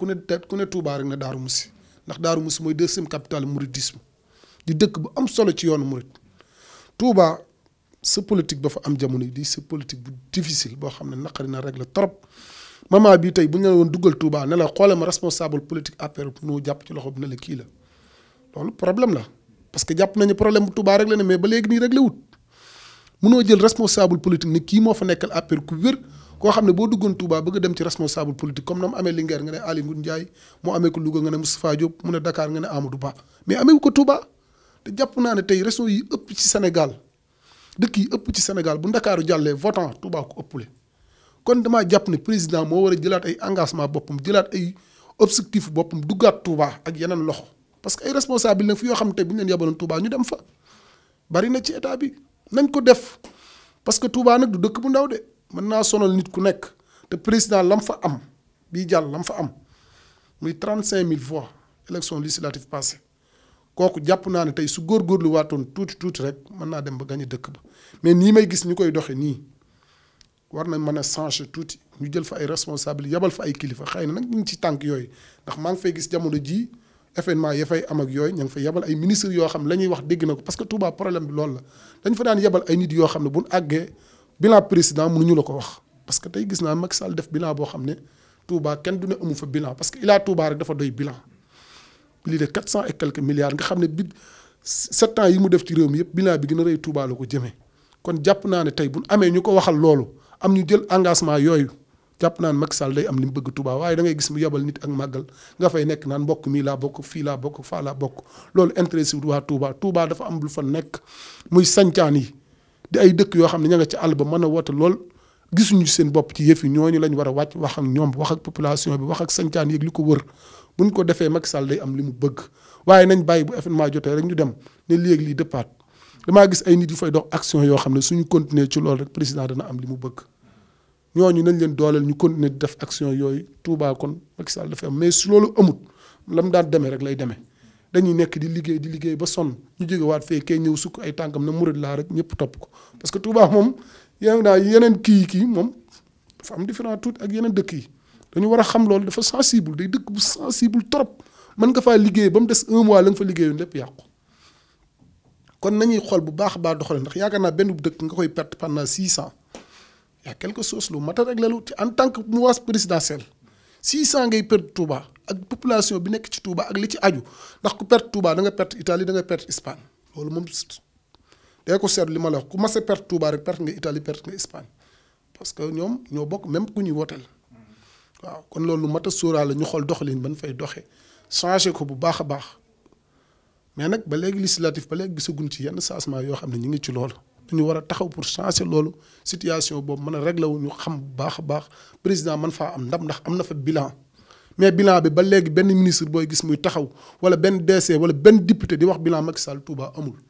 ku ne ku ne Touba rek na Daaru mussi ndax Daaru Musi mooy deuxième capitale mouridisme di dëkk bu am solo ci yoonu murid Touba sa politique dafa am jamono yi di sa politique bu difficile boo xam ne naqari na rek la trop moment bii tey bu ñu la woon duggal Touba ne la xoole ma responsable politique APR pour ñu jàpp ci loxo bi ne la kii la loolu problème la parce que jàpp nañu problème bu Touba rek la ne mais ba léegi nii rek la wut mënoo jël responsable politique ne kii moo fa nekkal APR ku wér koo xam ne boo duggoon Touba bëgg dem ci responsable politique comme na mu amee Linguère nga ne Aly Ngouille Ndiaye mu amee ko Louga nga ne Moustapha Diop mu ne Dakar nga ne Amadou Ba mais amee ko Touba te jàpp naa ne tey régions yi ëpp ci Sénégal dëkk yi ëpp ci Sénégal bu Ndakaaru jàllee votant Touba ko ëppule kon damaa jàpp ne président moo war a jëlaat engagement boppam jëlaat ay objectif boppam duggaat Touba ak yeneen loxo parce que ay responsable nag fi yoo xam ne tey bu ñu leen yabaloon ñu dem fa bari na ci état bi nañ ko def parce que Touba nag du dëkk bu ndaw de mën naa sonal nit ku nekk te président lam fa am bii jàll lam fa am muy mille 35000 voix élection législative passée kooku jàpp naa ne tey su góorgóorlu waatoon tuuti tuuti rek mën naa dem ba gañe dëkk ba mais nii may gis ñu koy doxee nii war na mën a changer tuuti ñu jël fa ay responsable yabal fa ay kilifa xëy na nag ñu ngi ci tànk yooyu ndax maa ngi fay gis jamono jii événement ya fay am ak yooyu ña ngi fa yabal ay ministre yoo xam la ñuy wax dégg na ko parce que Touba problème la dañ fa daan yabal ay nit yoo xam ne buñ àggee bilan président mënuñu la ko wax parce que tey gis naa Macky Sall def bilan boo xam ne Touba kenn du ne amu fa bilan parce que Ila Touba rek dafa doy bilan lii de quatre cent et quelques nga xam ne bi sept yi mu def ci réew yëpp bilan bi gën a rey Touba la ko jëmee kon jàpp naa ne tey bu amee ñu ko waxal loolu am ñu jël engagement yooyu jàpp naa ne Macky day am li mu bëgg Touba waaye da gis mu yebal nit ak màggal nga fay nekk naan mbokk mii laa bokk fii laa bokk faa laa bokk loolu intéressé waa Touba Touba dafa am lu fa nekk muy sancaan yi di ay dëkk yoo xam ne ña nga ci àll ba mën a woote lool gisuñu seen bopp ci yëf yi ñooñu lañ war a wàcc wax ak ñoom wax ak population bi wax ak sancaan yeeg li ko wër buñ ko defee Macky Sall day am li mu bëgg waaye nañ bàyyi bu événement jotee rek ñu dem ne léegi lii dëppaat damaa gis ay nit yu fay action yoo xam ne suñu continuer ci loolu rek président dana am li mu bëgg ñooñu nañ leen dooleel ñu continuer di def action yooyu tuubaa kon Macky Sall dafay am mais su loolu amut lam daan demee rek lay demee dañuy nekk di liggéey di liggéey ba sonn ñu jóge waat fee kay ñëw sukk ay tànkam na murid laa rek ñëpp topp ko parce que Touba moom yeneen daal yeneen kii kii moom dafa am différent tuut ak yeneen dëkk yi dañu war a xam loolu dafa sensible day dëkk bu sensible trop mën nga faa liggéey ba mu des un mois la nga fa liggéeyoon lépp yàqu kon nañuy xool bu baax a baax doxalee ndax yaakaar naa benn dëkk nga koy perte pendant six ans y a quelque chose lu mat a en tant que mouvance présidentielle 600 ngay perte Touba ak population bi nekk ci Touba ak li ci aju ndax ku perte Touba da nga perte Italie da nga perte Espagne loolu moom day ko seetlu li ma la wax ku mas a perte Touba rek perte nga Italie perte nga Espagne parce que ñoom ñoo bokk même ku ñuy woteel waaw kon loolu mat a sóoraale ñu xool doxalin ban fay doxee changé ko bu baax a baax mais nag ba léegi législatif ba léegi gisaguñ ci yenn changement yoo xam ne ñu ngi ci loolu. dañu war a taxaw pour changer loolu situation boobu mën a réglé wu ñu xam bu baax a baax président man faa am ndam ndax am na fa bilan. mais bilan bi ba léegi benn ministre booy gis muy taxaw wala benn DC wala benn député di wax bilan Macky Sall Touba amul.